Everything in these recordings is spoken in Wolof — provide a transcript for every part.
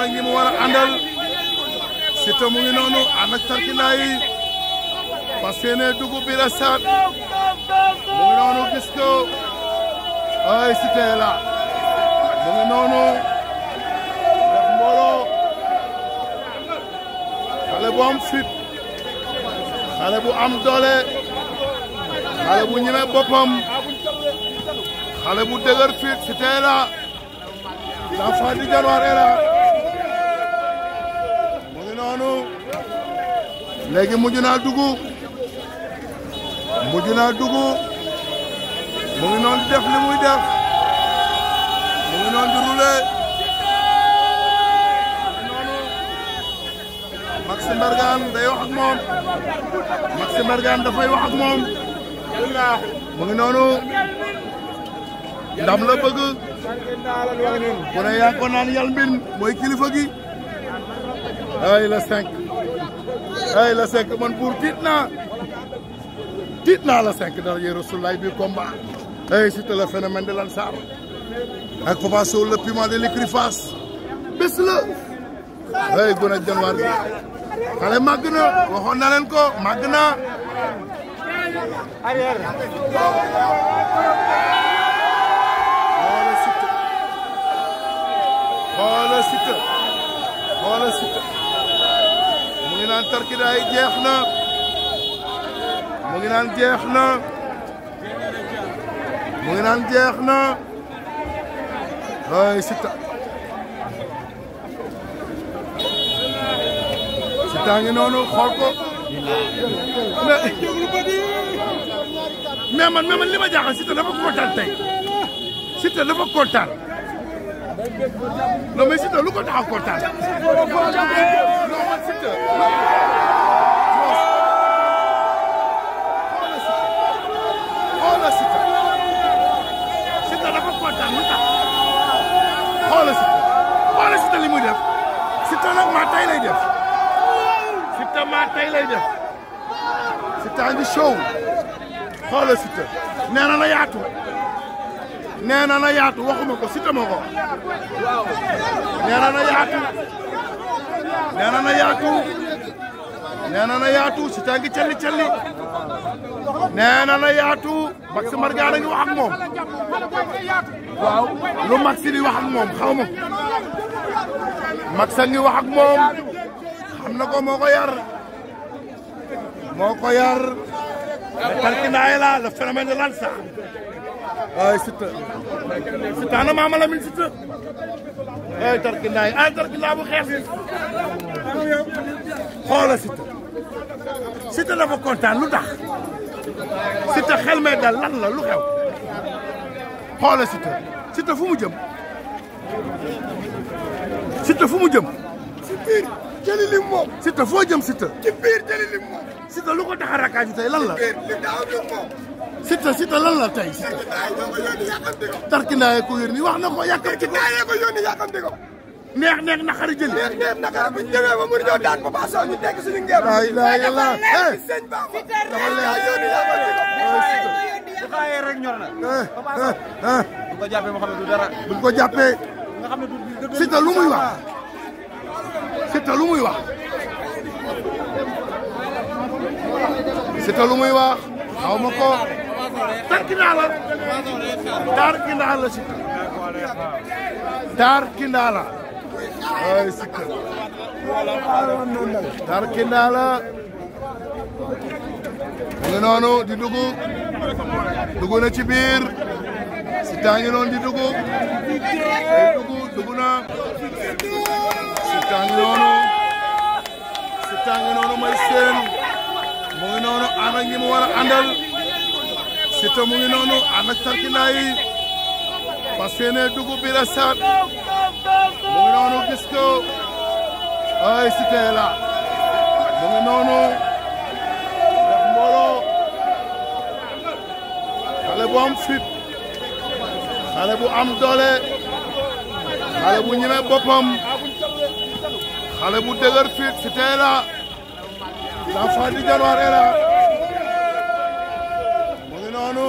ànd ak ñi war a àndal Siteu mu noonu ànd ak tarkilaa yi parce que ne dugub bi la noonu gis ay Siteu la mu noonu def xale bu am fit xale bu am doole xale bu ñeme boppam xale bu dëgër fit Siteu la l'enfant du Djaloor est noonu léegi mujj naa dugg mujj naa dugg mu ngi noonu di def li muy def mu di roulé Maxime Mbergane day wax moom Maxime Mbergane dafay wax moom mu ndam la ku ne yaa naan yal mbin mooy ay la cinq ay la cinq man buur tiit naa tiit naa la cinq dara yee Rasulullah bi combat ay c'était le phénomène de l'Ansar ak Papa Sow le piment de l'écriface bés la ay gën a janwaar bi xale na waxoon naa ko màgg naa tarkida yi jeex na mu ngi naan jeex na mu ngi naan jeex na ay Siteu mais man mais man li ma jaaxal Siteu dafa kontaan tey Siteu dafa kontaan non mais Siteu lu ko tax a kontaan Siteu nag maa tay lay def Siteu maa tay lay def ngi show xoola Siteu nee na la yaatu nee na yaatu waxuma ko Siteu ma ko nee na la yaatu nee na yaatu nee na la yaatu Siteu ngi calli calli nee na la yaatu Max Mbargane ngi wax moom waaw lu Max di wax moom xaw ma مك سانغي واخ موم خمنا كو موكو يار موكو يار تركنا لا فينامين دو لانسا اي ست ست انا ماما لا من ست اي تركنا اي تركنا ابو خيس خولا ست ست دا فو كونتان لو تخ ست خيل مي دال لان لا لو خيو خولا ست ست فو مو جيم sita fu mu jëm. ci bir jëli lim mom sita fo jëm sita ci bir jëli lim mom sita lu ko tax a tay lan la. sita sita lan la tay sita tarkinaay ko yónni wax na ko yakam ci tay ko yónni yàkkamti ko. neex neex naqari jëli. neex neex naqari bu ñu ba mu ñëw daan ba baax ñu teg suñu ngeen. Eh. rek ñor na. Eh, eh, bu ko Siteu lu muy wax Siteu lu muy wax Siteu lu muy wax ma ko dar kindaa la dar kindaa la Siteu di dugg dugg na ci biir di dugg dugg na si tàng si tàng noonu may seen mu ngi noonu ànd ak ñi mu war si te mu ngi noonu ànd ak tarkinaa yi parce que ne mu ngi noonu gis ay si tee mu ngi noonu mbooloo xale bu am fit xale bu am doole xale bu ñeme boppam xale bu dëgër fit fitee la l'enfant du Dionewar est mu ngi noonu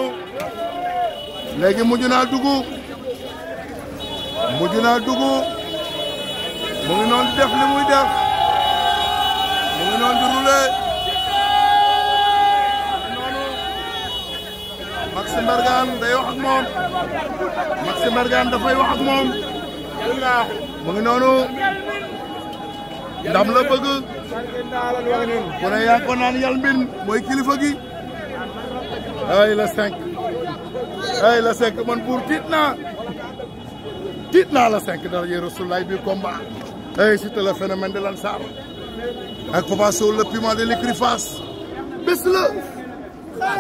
léegi mujj naa dugg mujj mu ngi noonu di def li muy mu ngi noonu di roulé Maxime Bergan day wax ak moom Maxime Bergan dafay wax ak moom. mu ngi noonu ndam la bëgg ku ne yaa ko naan yal mbin ay la cinq ay la cinq man pur titna, titna tiit naa la cinq dara yee bi combat ay c'était le phénomène de l'Ansar ak Papa Sow le piment de l'écurie Fass bés la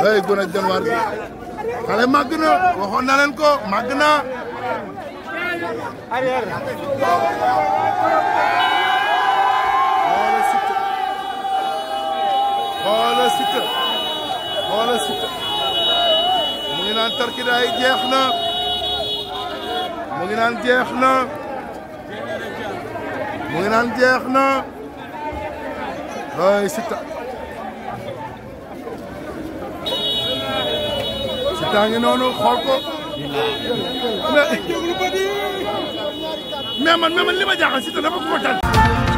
ay gone janwaar bi xale màgg na waxoon Allez, xoolal Siteu xoolal Siteu mu ngi naan tarkidaay jeex na mu ngi naan jeex na mu ngi naan jeex na ay Siteu Siteu ngi noonu xool ko mais man mais man li ma jaaxal si te dafa ko tànn